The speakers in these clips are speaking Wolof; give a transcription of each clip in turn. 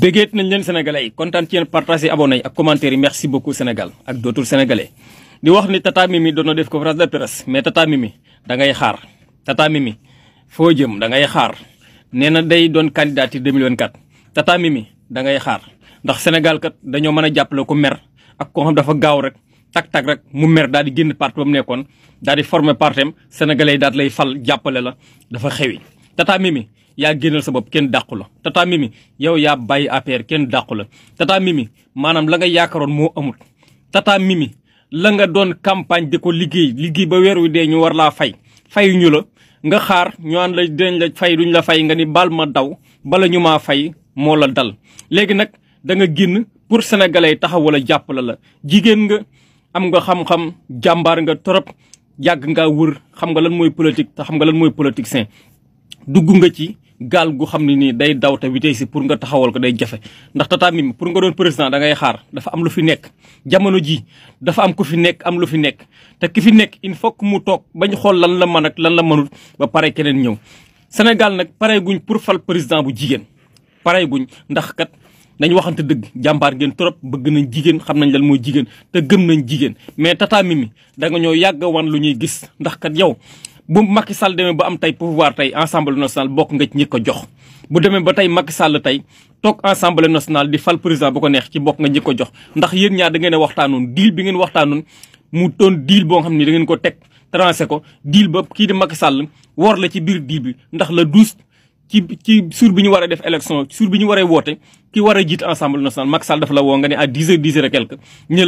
bëggeet nañ leen sénégalais yi kontaan ci yéen partage yi abonné yi ak commentaire yi merci beaucoup Sénégal ak dootul sénégalais di wax ni Tata Mimi doon na def conférence de presse mais Tata Mimi da ngay xaar Tata mi foo jëm da ngay xaar nee na day doon candidat ci 2024 Tata Mimi da ngay xaar ndax Sénégal kat dañoo mën a jàppale ko mer ak koo xam dafa gaaw rek tak-tak rek mu mer daal di génn parti ba mu nekkoon daal di former partem sénégalais yi daal lay fal jàppale la dafa xewi Tata mi yaa génnal sa bopp kenn dàqu la tata mimi yow yaa bàyyi APR kenn dàqu la tata mimi maanaam la nga yaakaaroon moo amul tata mimi la nga doon campagne di ko liggéey liggéey ba weer wi dee ñu war laa fay fayu la nga xaar ñu aan la dinañ la fay duñ la fay nga ni baal ma daw bala ñu maa fay moo la dal léegi nag da nga génn pour sénégalais taxaw wala jàppale la jigéen nga am nga xam-xam jàmbaar nga torop yàgg nga wër xam nga lan mooy politique te xam nga lan mooy politicien dugg nga ci gaal gu xam ne nii day daw te tey si pour nga taxawal ko day jafe ndax Tata Mimi pour nga doon président da xaar dafa am lu fi nekk jamono ji dafa am ku fi nekk am lu fi nekk te ki fi nekk il faut que mu toog bañ xool lan la mën ak lan la mënul ba pare keneen ñëw Sénégal nag pare guñ pour fal président bu jigéen pare guñ ndax kat nañ waxante dëgg jàmbaar ngeen trop bëgg nañ jigéen xam nañ lan mooy jigéen te gëm nañ jigéen mais Tata mi da nga ñoo yàgg wan lu ñuy gis ndax yow bu Macky Sall demee ba am tey pouvoir tey Assemblée nationale bokk nga ci ñi ko jox. bu deme ba tey Macky Sall tey toog Assemblée nationale di fal président bu ko neex ci bokk nga ñi ko jox ndax yéen ñaar da ngeen a waxtaanoon bi ngeen waxtaanoon mu doon deal boo xam ni dangeen ko teg trancé ko deal ba kii di Macky Sall wor la ci biir deal bi ndax la douze. ci ci suur bi ñu war a def élection suur bi ñu waree woote ki war a jiit Assemblée nationale Macky Sall dafa la woo nga ne à 10h 10h et quelque ñu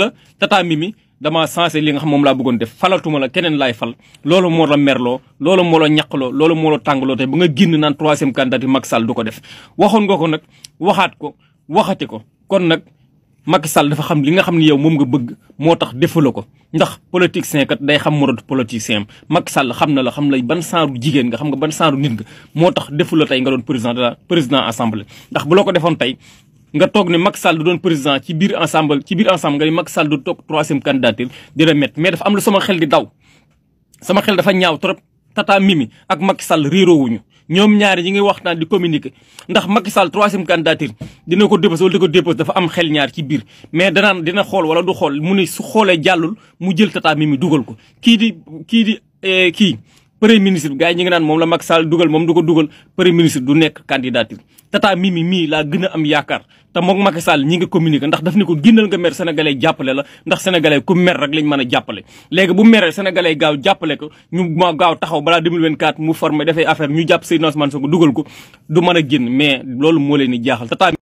dama sensé li nga xam moom laa bëggoon def falatuma la keneen laay fal loolu moo la merloo loolu moo la ñaqloo loolu moo la tàngaloo te ba nga génn naan troisième candidat yi Macky def waxoon nga ko nag waxaat ko waxati ko kon nag Macky Sall dafa xam li nga xam ne yow moom nga bëgg moo tax defaloo ko ndax politicien kat day xam morotu politicien am Macky Sall xam na la xam lay ban saaru jigéen nga xam nga ban saaru nit nga moo tax defuloo tey nga doon président de la président assemblée ndax bu loo ko defoon tey nga toog ne Macky Sall du doon président ci biir ensemble ci biir ensemble nga ne Macky Sall du toog troisième candidature di la mettre mais dafa am lu sama xel di daw sama xel dafa ñaaw trop Tata Mimi ak Macky Sall réeroowuñu ñoom ñaari ñi ngi waxtaan di communiquer ndax Macky Sall troisième candidature dina ko déposé wala di ko déposé dafa am xel ñaar ci biir mais danaan dina xool wala du xool mu ne su xoolee jàllul mu jël Tata Mimi dugal ko kii di kii di eh, kii premier ministre gars yi ñu ngi naan moom la Macky Sall dugal moom du ko dugal premier ministre du nekk candidature tata Mimi mii laa gën a am yaakaar te moom Macky Sall ñi ngi communiqué ndax daf ne ko génnal nga mer sénégalais jàppale la ndax sénégalais ku mer rek lañ mën a jàppale léegi bu meree sénégalais gaaw jàppale ko ñu ma gaaw taxaw balaa 2024 mu formé dafay affaire ñu jàpp Seydina Ousmane Sonko dugal ko du mën a génn mais loolu